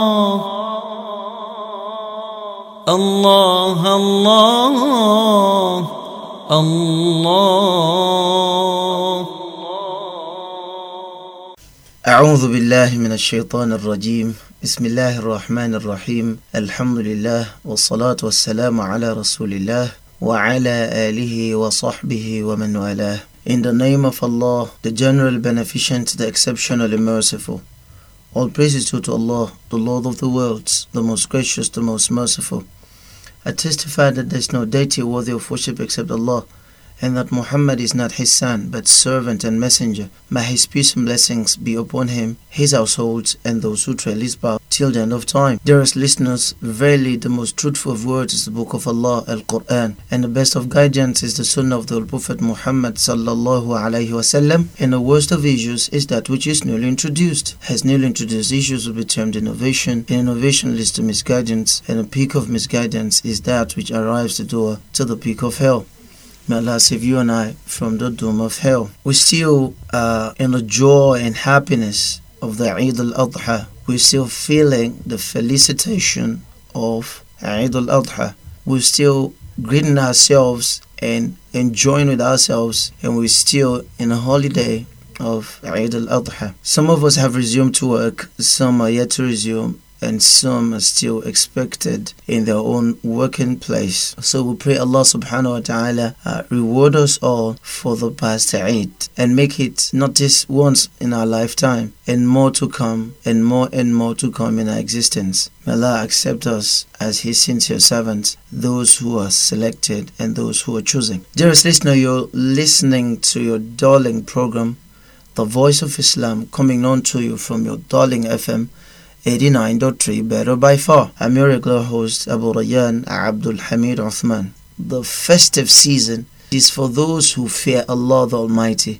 الله الله الله الله أعوذ بالله من الشيطان الرجيم بسم الله الرحمن الرحيم الحمد لله والصلاة والسلام على رسول الله وعلى آله وصحبه ومن والاه In the name of Allah, the General Beneficent, the exceptional and Merciful. All praises to Allah, the Lord of the worlds, the most gracious, the most merciful. I testify that there is no deity worthy of worship except Allah and that Muhammad is not his son, but servant and messenger. May his peace and blessings be upon him, his household, and those who trail his path till the end of time. Dearest listeners, verily the most truthful of words is the Book of Allah, Al Quran, and the best of guidance is the Sunnah of the Prophet Muhammad sallallahu alaihi wasallam. And the worst of issues is that which is newly introduced. As newly introduced issues will be termed innovation, and innovation leads to misguidance, and the peak of misguidance is that which arrives the door to the peak of hell. May Allah save you and I from the doom of hell. We still uh, in the joy and happiness of the Eid al-Adha. We're still feeling the felicitation of Eid al-Adha. We're still greeting ourselves and enjoying with ourselves and we're still in a holiday of Eid al-Adha. Some of us have resumed to work, some are yet to resume, and some are still expected in their own working place. So we pray Allah subhanahu wa ta'ala uh, reward us all for the past eight and make it not just once in our lifetime and more to come and more and more to come in our existence. May Allah accept us as His sincere servants, those who are selected and those who are choosing. Dearest listener, you're listening to your darling program, The Voice of Islam, coming on to you from your darling FM 89.3 better by far. I'm your regular host Abu Rayyan Abdul Hamid Uthman. The festive season is for those who fear Allah the Almighty.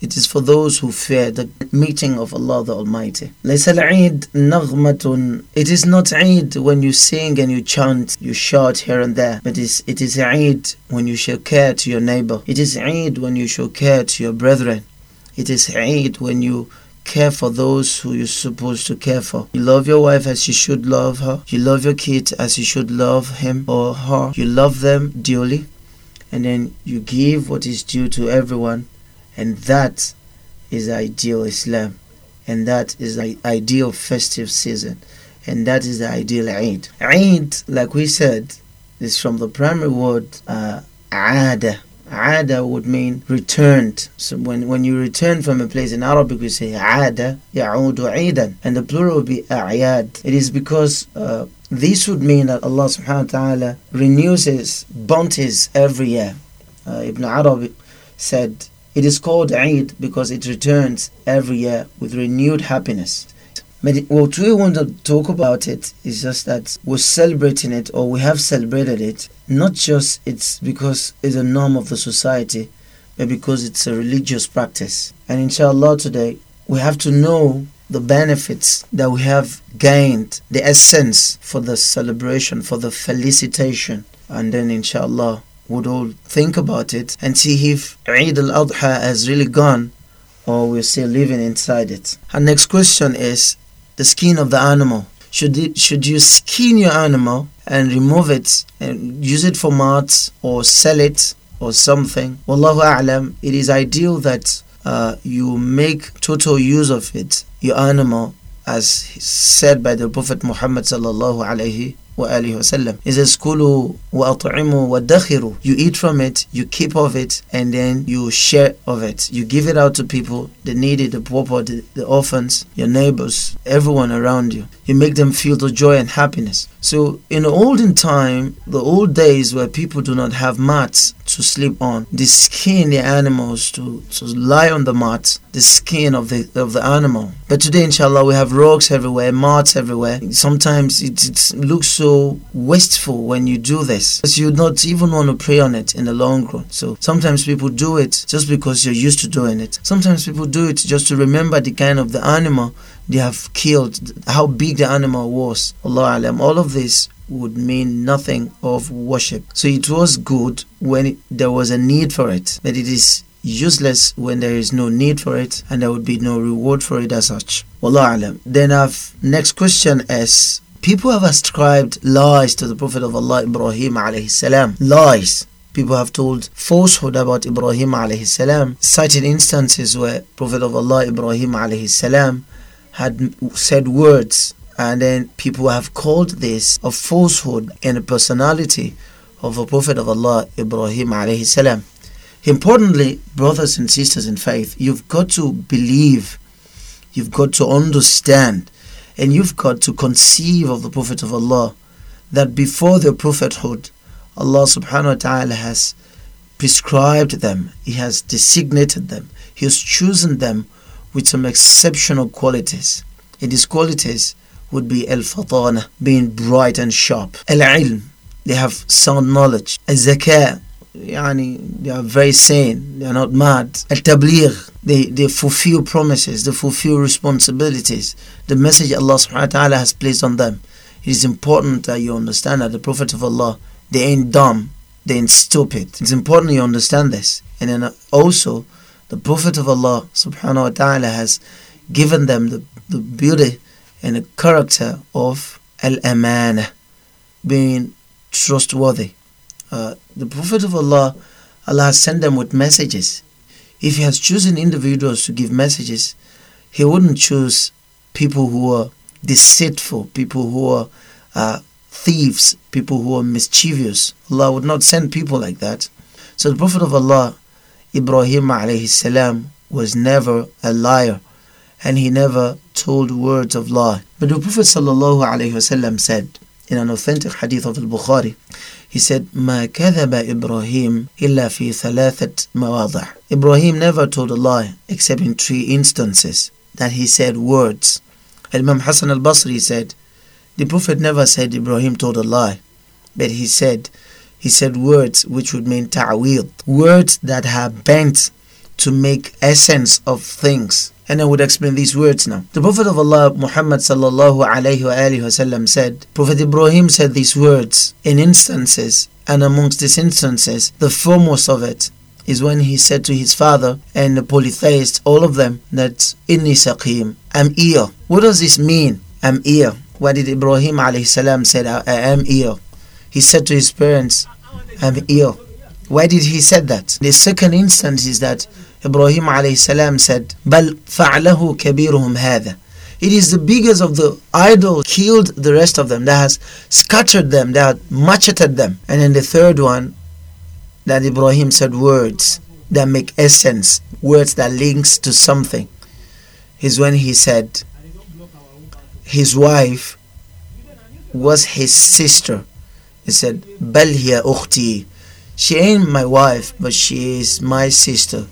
It is for those who fear the meeting of Allah the Almighty. It is not Eid when you sing and you chant, you shout here and there, but it is, it is Eid when you show care to your neighbor. It is Eid when you show care to your brethren. It is Eid when you care for those who you're supposed to care for. You love your wife as you should love her. You love your kid as you should love him or her. You love them dearly. And then you give what is due to everyone. And that is ideal Islam. And that is the ideal festive season. And that is the ideal Eid. Eid, like we said, is from the primary word uh, Ada would mean returned. So when, when you return from a place in Arabic, we say Ada, Ya'udu Eidan. And the plural would be A'yad. It is because uh, this would mean that Allah subhanahu wa ta'ala renews His bounties every year. Uh, Ibn Arabi said, It is called Eid because it returns every year with renewed happiness. Medi- well, we want to talk about it is just that we're celebrating it or we have celebrated it, not just it's because it's a norm of the society, but because it's a religious practice. And inshallah today, we have to know the benefits that we have gained, the essence for the celebration, for the felicitation. And then inshallah, we would all think about it and see if Eid al-Adha has really gone or we're still living inside it. Our next question is the skin of the animal. Should, it, should you skin your animal and remove it and use it for mats or sell it or something? Wallahu A'lam, it is ideal that uh, you make total use of it, your animal, as said by the Prophet Muhammad sallallahu alayhi وآله وسلم it says وأطعموا وادخروا you eat from it you keep of it and then you share of it you give it out to people the needy the poor the, the orphans your neighbors everyone around you you make them feel the joy and happiness so in the olden time the old days where people do not have mats to sleep on, the skin the animals to, to lie on the mat, the skin of the of the animal. But today, inshallah, we have rocks everywhere, mats everywhere. Sometimes it, it looks so wasteful when you do this, because you not even want to pray on it in the long run. So sometimes people do it just because you're used to doing it. Sometimes people do it just to remember the kind of the animal they have killed, how big the animal was. Allah alam. All of this would mean nothing of worship. So it was good when it, there was a need for it, but it is useless when there is no need for it and there would be no reward for it as such. Wallahu alam. Then our next question is people have ascribed lies to the Prophet of Allah Ibrahim alayhi salam. Lies. People have told falsehood about Ibrahim alayhi salam, citing instances where Prophet of Allah Ibrahim alayhi salam had said words and then people have called this a falsehood in the personality of the Prophet of Allah, Ibrahim alayhi salam. Importantly, brothers and sisters in faith, you've got to believe, you've got to understand, and you've got to conceive of the Prophet of Allah that before their prophethood, Allah subhanahu wa ta'ala has prescribed them, He has designated them, He has chosen them with some exceptional qualities. And these qualities would be al-fatana, being bright and sharp. Al-ilm, they have sound knowledge. Al-zakah, yani, they are very sane, they are not mad. Al-tabligh, they, they fulfill promises, they fulfill responsibilities. The message Allah subhanahu wa ta'ala has placed on them. It is important that you understand that the Prophet of Allah, they ain't dumb, they ain't stupid. It's important you understand this. And then also, the Prophet of Allah subhanahu wa ta'ala has given them the, the beauty and the character of al amana being trustworthy. Uh, the Prophet of Allah, Allah has sent them with messages. If He has chosen individuals to give messages, He wouldn't choose people who are deceitful, people who are uh, thieves, people who are mischievous. Allah would not send people like that. So the Prophet of Allah, Ibrahim alayhi salam, was never a liar and he never told words of lie. But the Prophet ﷺ said in an authentic hadith of al-Bukhari, he said, ما كذب إبراهيم إلا في ثلاثة مواضع. Ibrahim never told a lie except in three instances that he said words. Imam Hassan al-Basri said, the Prophet never said Ibrahim told a lie, but he said, he said words which would mean ta'wil, words that have bent to make essence of things. And I would explain these words now. The Prophet of Allah Muhammad sallallahu alayhi wasallam said, Prophet Ibrahim said these words in instances, and amongst these instances, the foremost of it is when he said to his father and the polytheists, all of them, that Inni Saqim, I'm ill. What does this mean? I'm ill. What did Ibrahim alayhi salam said? I am ill. He said to his parents, I'm ill. Why did he said that? The second instance is that Ibrahim alayhi said, Bal fa'lahu kabiruhum hadha. It is the biggest of the idols killed the rest of them, that has scattered them, that macheted them. And then the third one, that Ibrahim said words that make essence, words that links to something, is when he said his wife was his sister. He said, hiya ukhti. She ain't my wife, but she is my sister.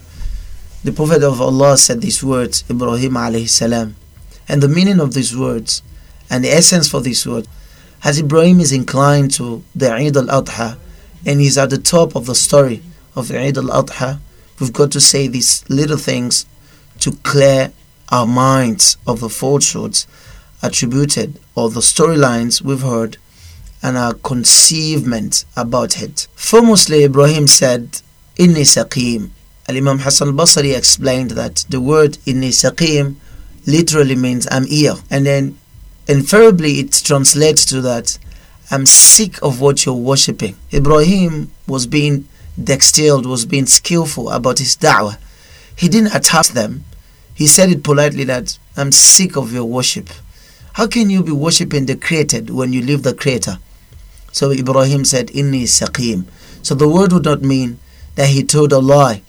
The Prophet of Allah said these words, Ibrahim alayhi salam. And the meaning of these words and the essence for these words, as Ibrahim is inclined to the Eid al-Adha and he's at the top of the story of Eid al-Adha, we've got to say these little things to clear our minds of the falsehoods attributed or the storylines we've heard and our conceivement about it. Famously, Ibrahim said, Inni saqim, Al Imam Hassan Basri explained that the word inni saqim" literally means I'm ill. And then invariably it translates to that I'm sick of what you're worshipping. Ibrahim was being dexterous, was being skillful about his da'wah. He didn't attack them. He said it politely that I'm sick of your worship. How can you be worshipping the created when you leave the creator? So Ibrahim said, Inni saqim. So the word would not mean that he told a lie.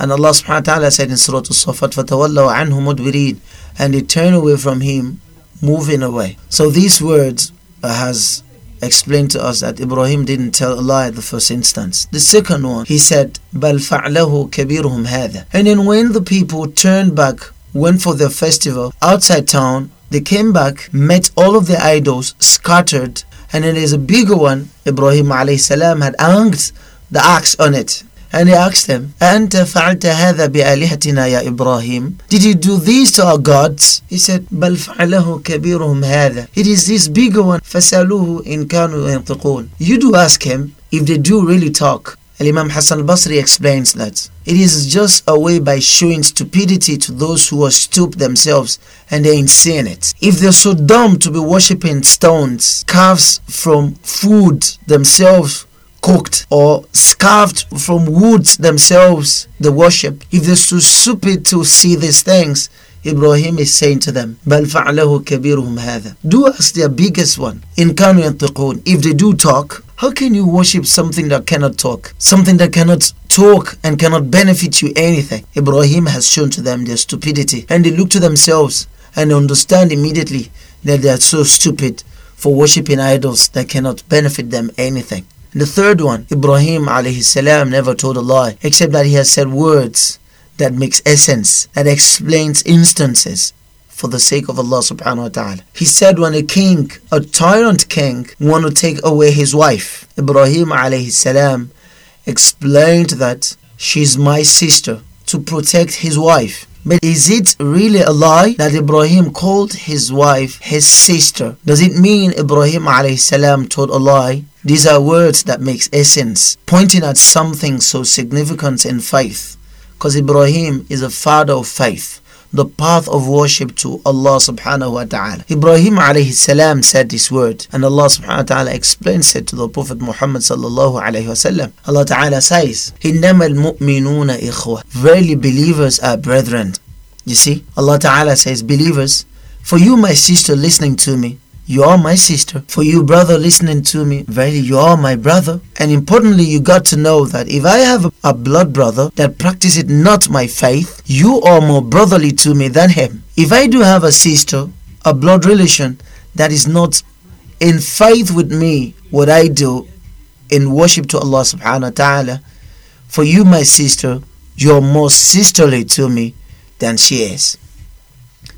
And Allah subhanahu wa ta'ala said in Surah Al-Safat, فَتَوَلَّوْا عَنْهُ مُدْبِرِينَ And they turn away from him, moving away. So these words uh, has explained to us that Ibrahim didn't tell a lie at the first instance. The second one, he said, بَلْ فَعْلَهُ كَبِيرُهُم هَذَا And then when the people turned back, went for their festival outside town, they came back, met all of the idols scattered, and then there's a bigger one, Ibrahim alayhi salam had hung the axe on it. And he asked them, Did you do these to our gods? He said, بَلْ فَعَلَهُ كَبِيرُهُم It is this bigger one, فَسَأَلُوهُ إِن كَانُوا يَنْطِقُونَ You do ask him if they do really talk. imam Hassan basri explains that it is just a way by showing stupidity to those who are stupid themselves and they seeing it. If they're so dumb to be worshipping stones, calves from food themselves cooked or carved from woods themselves the worship. If they're so stupid to see these things, Ibrahim is saying to them, Do us their biggest one. إِن كَانُوا If they do talk, how can you worship something that cannot talk? Something that cannot talk and cannot benefit you anything. Ibrahim has shown to them their stupidity. And they look to themselves and understand immediately that they are so stupid for worshipping idols that cannot benefit them anything. The third one, Ibrahim alayhi salam never told a lie, except that he has said words that makes essence, that explains instances for the sake of Allah subhanahu wa ta'ala. He said when a king, a tyrant king, want to take away his wife, Ibrahim alayhi salam explained that she's my sister to protect his wife. But is it really a lie that Ibrahim called his wife his sister? Does it mean Ibrahim alayhi told a lie? These are words that makes essence, pointing at something so significant in faith. Because Ibrahim is a father of faith the path of worship to Allah subhanahu wa ta'ala. Ibrahim alayhi salam said this word and Allah subhanahu wa ta'ala explains it to the Prophet Muhammad sallallahu alayhi wa sallam. Allah ta'ala says, إِنَّمَا الْمُؤْمِنُونَ إِخْوَةً Verily believers are brethren. You see, Allah ta'ala says, believers, for you my sister listening to me, you are my sister. For you, brother, listening to me, verily you are my brother. And importantly, you got to know that if I have a blood brother that practices not my faith, you are more brotherly to me than him. If I do have a sister, a blood relation that is not in faith with me, what I do in worship to Allah subhanahu wa ta'ala, for you, my sister, you're more sisterly to me than she is.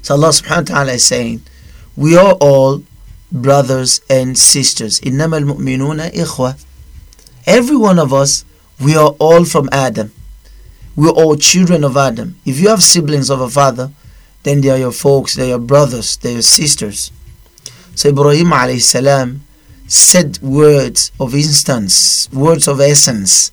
So Allah subhanahu wa ta'ala is saying, We are all brothers and sisters. إِخْوَةً Every one of us, we are all from Adam. We're all children of Adam. If you have siblings of a father, then they are your folks, they are your brothers, they are your sisters. So Ibrahim alayhi salam said words of instance, words of essence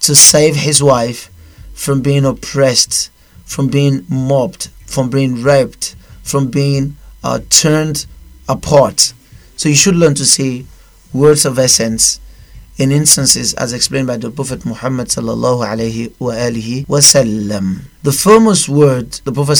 to save his wife from being oppressed, from being mobbed, from being raped, from being uh, turned apart. So you should learn to say words of essence in instances as explained by the Prophet Muhammad sallallahu alaihi wasallam. The famous word the Prophet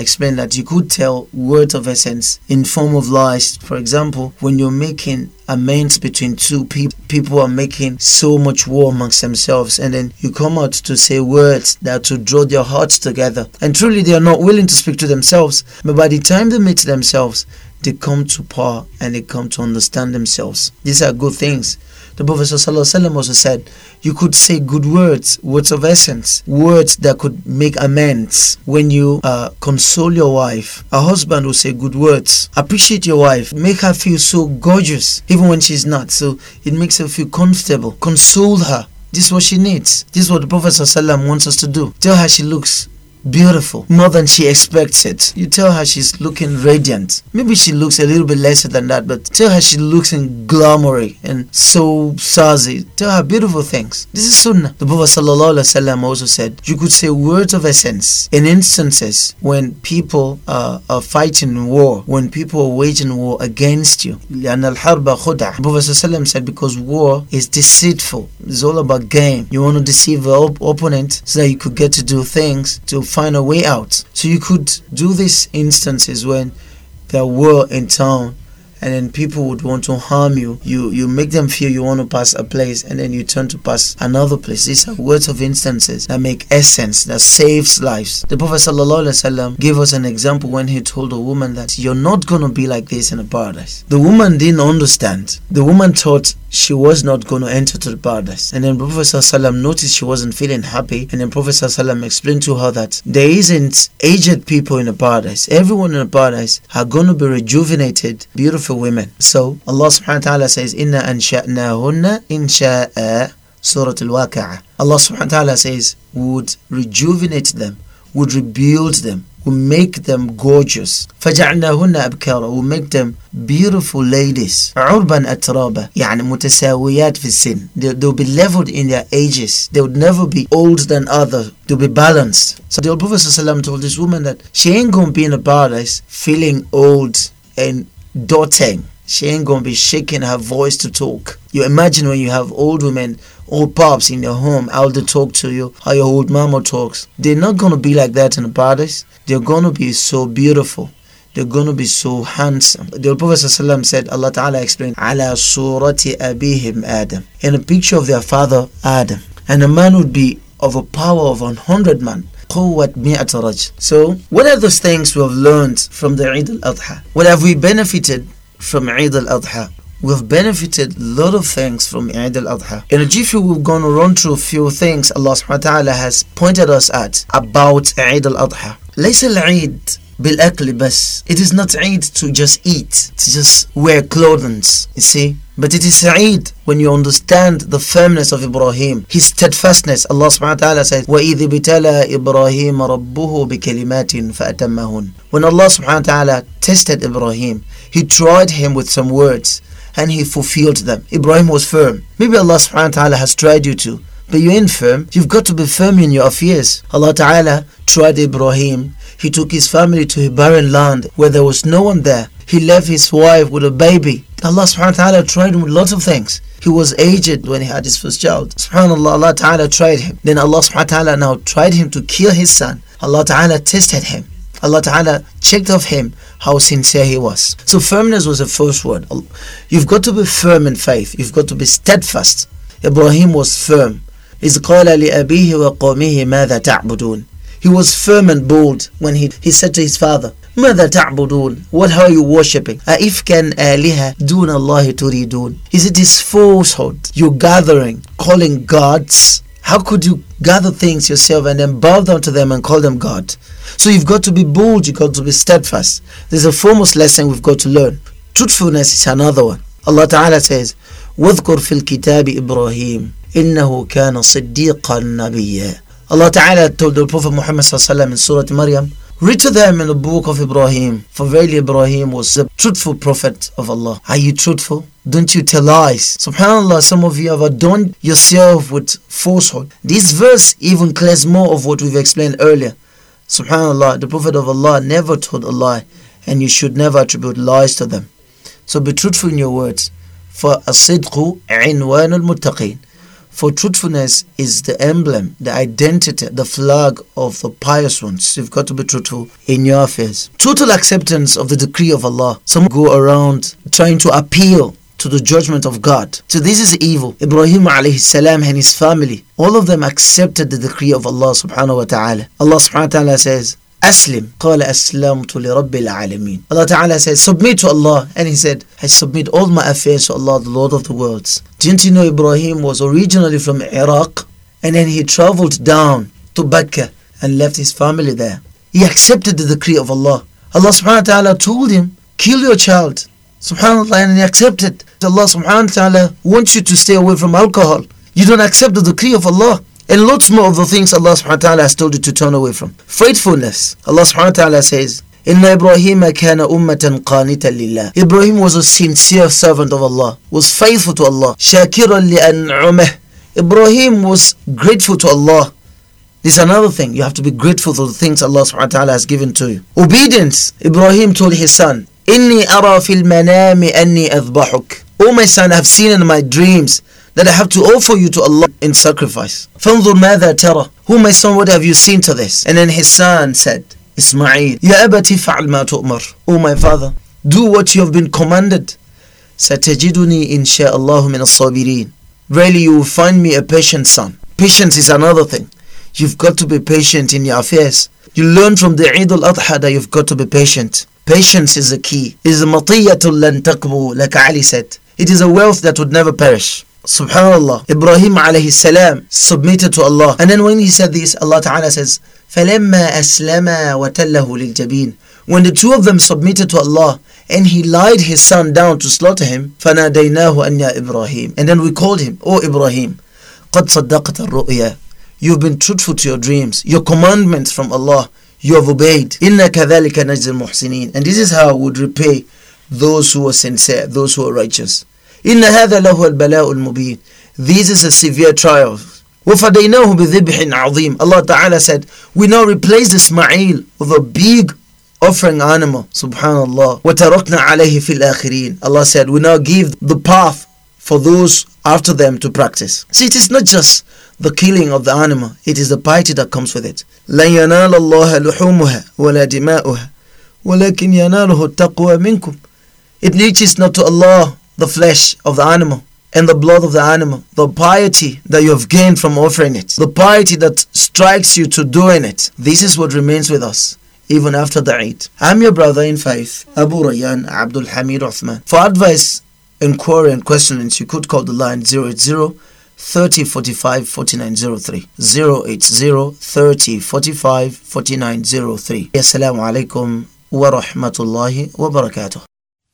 explained that you could tell words of essence in form of lies. For example, when you're making amends between two people, people are making so much war amongst themselves, and then you come out to say words that to draw their hearts together. And truly, they are not willing to speak to themselves, but by the time they meet themselves, they come to power and they come to understand themselves. These are good things. The Prophet ﷺ also said, You could say good words, words of essence, words that could make amends. When you uh, console your wife, a husband will say good words. Appreciate your wife, make her feel so gorgeous, even when she's not. So it makes her feel comfortable. Console her. This is what she needs. This is what the Prophet ﷺ wants us to do. Tell her she looks beautiful, more than she expects it. You tell her she's looking radiant. Maybe she looks a little bit lesser than that, but tell her she looks in glamoury and so sassy. Tell her beautiful things. This is sunnah. The Prophet ﷺ also said, you could say words of essence in instances when people are, are fighting war, when people are waging war against you. The Prophet ﷺ said, because war is deceitful. It's all about game. You want to deceive the op- opponent so that you could get to do things to fight find a way out. So you could do these instances when there were in town and then people would want to harm you. You you make them feel you want to pass a place and then you turn to pass another place. These are words of instances that make essence, that saves lives. The Prophet ﷺ gave us an example when he told a woman that you're not gonna be like this in a paradise. The woman didn't understand. The woman thought she was not going to enter to the paradise. And then Prophet ﷺ noticed she wasn't feeling happy. And then Prophet ﷺ explained to her that there isn't aged people in the paradise. Everyone in the paradise are going to be rejuvenated, beautiful women. So Allah subhanahu wa ta'ala says, Inna ansha'nahunna insha'a Surah Al-Waqi'ah. Allah subhanahu wa ta'ala says, would rejuvenate them, would rebuild them, will make them gorgeous. فجعلناهن أبكارا will make them beautiful ladies. عربا أترابا يعني متساويات في السن. They, they'll be leveled in their ages. They would never be older than other. They'll be balanced. So the Prophet ﷺ told this woman that she ain't gonna be in a paradise feeling old and doting she ain't gonna be shaking her voice to talk. You imagine when you have old women, old pops in your home, how they talk to you, how your old mama talks. They're not gonna be like that in the paradise. They're gonna be so beautiful. They're gonna be so handsome. The Prophet said, Allah Ta'ala explained, Ala surati abihim Adam, in a picture of their father Adam. And a man would be of a power of 100 men. So, what are those things we have learned from the Eid al-Adha? What have we benefited from Eid al-Adha. We've benefited a lot of things from Eid al-Adha. In a jiffy, we're going to run through a few things Allah subhanahu wa ta'ala has pointed us at about Eid al-Adha. ليس العيد بالأكل بس. It is not Eid to just eat, to just wear clothes, you see. But it is Sa'id when you understand the firmness of Ibrahim, his steadfastness. Allah subhanahu wa ta'ala says, وَإِذِ ابْتَلَى إِبْرَاهِيمَ رَبُّهُ بِكَلِمَاتٍ فَأَتَمَّهُنْ When Allah subhanahu wa ta'ala tested Ibrahim, He tried him with some words and he fulfilled them. Ibrahim was firm. Maybe Allah subhanahu wa ta'ala has tried you to, but you ain't firm. You've got to be firm in your affairs. Allah ta'ala tried Ibrahim he took his family to a barren land where there was no one there. He left his wife with a baby. Allah subhanahu wa ta'ala tried him with lots of things. He was aged when he had his first child. Subhanallah, Allah ta'ala tried him. Then Allah subhanahu wa ta'ala now tried him to kill his son. Allah ta'ala tested him. Allah Ta'ala checked of him how sincere he was. So firmness was the first word. You've got to be firm in faith. You've got to be steadfast. Ibrahim was firm. إذ قال لأبيه وقومه ماذا تعبدون he was firm and bold when he, he said to his father, ماذا تعبدون? What are you worshipping? أئفكا آلهة دون الله تريدون Is it this falsehood? You're gathering, calling gods? How could you gather things yourself and then bow down to them and call them God? So you've got to be bold, you've got to be steadfast. There's a foremost lesson we've got to learn. Truthfulness is another one. Allah Ta'ala says, وَاذْكُرْ فِي الْكِتَابِ إِبْرَاهِيمِ إِنَّهُ كَانَ صِدِّيقًا نَبِيًّا Allah Ta'ala told the Prophet Muhammad in Surah Maryam, Read to them in the book of Ibrahim, for verily Ibrahim was the truthful prophet of Allah. Are you truthful? Don't you tell lies? Subhanallah, some of you have adorned yourself with falsehood. This verse even clears more of what we've explained earlier. Subhanallah, the Prophet of Allah never told a lie, and you should never attribute lies to them. So be truthful in your words. For as-sidqu muttaqin. For truthfulness is the emblem, the identity, the flag of the pious ones. You've got to be truthful in your affairs. Total acceptance of the decree of Allah. Some go around trying to appeal to the judgment of God. So this is evil. Ibrahim alayhi salam and his family, all of them accepted the decree of Allah subhanahu wa ta'ala. Allah subhanahu wa ta'ala says, Aslim. Qala aslamtu li Allah Ta'ala said, submit to Allah. And he said, I submit all my affairs to Allah, the Lord of the worlds. Didn't you know Ibrahim was originally from Iraq? And then he traveled down to Becca and left his family there. He accepted the decree of Allah. Allah subhanahu wa ta'ala told him, kill your child. Subhanallah, and he accepted. Allah subhanahu wa ta'ala wants you to stay away from alcohol. You don't accept the decree of Allah. And lots more of the things Allah subhanahu wa ta'ala has told you to turn away from. Faithfulness. Allah subhanahu wa ta'ala says, "In Ibrahim kana ummatan qanita lillah. Ibrahim was a sincere servant of Allah, was faithful to Allah. Shakiran li an'umah. Ibrahim was grateful to Allah. This is another thing. You have to be grateful for the things Allah subhanahu wa ta'ala has given to you. Obedience. Ibrahim told his son, Inni ara fil manami anni adbahuk. Oh my son, I have seen in my dreams that I have to offer you to Allah in sacrifice. فانظر ماذا ترى Who my son what have you seen to this? And then his son said, Ismail, يا أبتي فعل ما تؤمر O my father, do what you have been commanded. ستجدني إن شاء الله من الصابرين Really you will find me a patient son. Patience is another thing. You've got to be patient in your affairs. You learn from the Eid al-Adha that you've got to be patient. Patience is the key. Is matiyatul lan taqbu, like Ali said. It is a wealth that would never perish. Subhanallah, Ibrahim alayhi salam submitted to Allah. And then when he said this, Allah Ta'ala says, فَلَمَّا أَسْلَمَا وَتَلَّهُ لِلْجَبِينَ When the two of them submitted to Allah, and he lied his son down to slaughter him, فَنَادَيْنَاهُ أَنْيَا Ibrahim. And then we called him, O Ibrahim, قَدْ صَدَّقْتَ الرُّؤْيَا You've been truthful to your dreams, your commandments from Allah, you have obeyed. إِنَّا كَذَلِكَ نَجْزِ الْمُحْسِنِينَ And this is how I would repay those who are sincere, those who are righteous. إن هذا لهو البلاء المبين This is a severe trial وفديناه بذبح عظيم Allah Ta'ala said We now replace Ismail with a big offering animal Subhanallah وتركنا عليه في الآخرين Allah said we now give the path for those after them to practice See it is not just the killing of the animal it is the piety that comes with it لن ينال الله لحومها ولا دماؤها ولكن يناله التقوى منكم It reaches not to Allah the flesh of the animal and the blood of the animal, the piety that you have gained from offering it, the piety that strikes you to doing it. This is what remains with us. Even after the Eid. I'm your brother in faith, Abu Rayyan Abdul Hamid Uthman. For advice, inquiry, and questions, you could call the line 080 30 45 4903. 080 30 45 4903. Assalamu alaikum wa rahmatullahi wa barakatuh.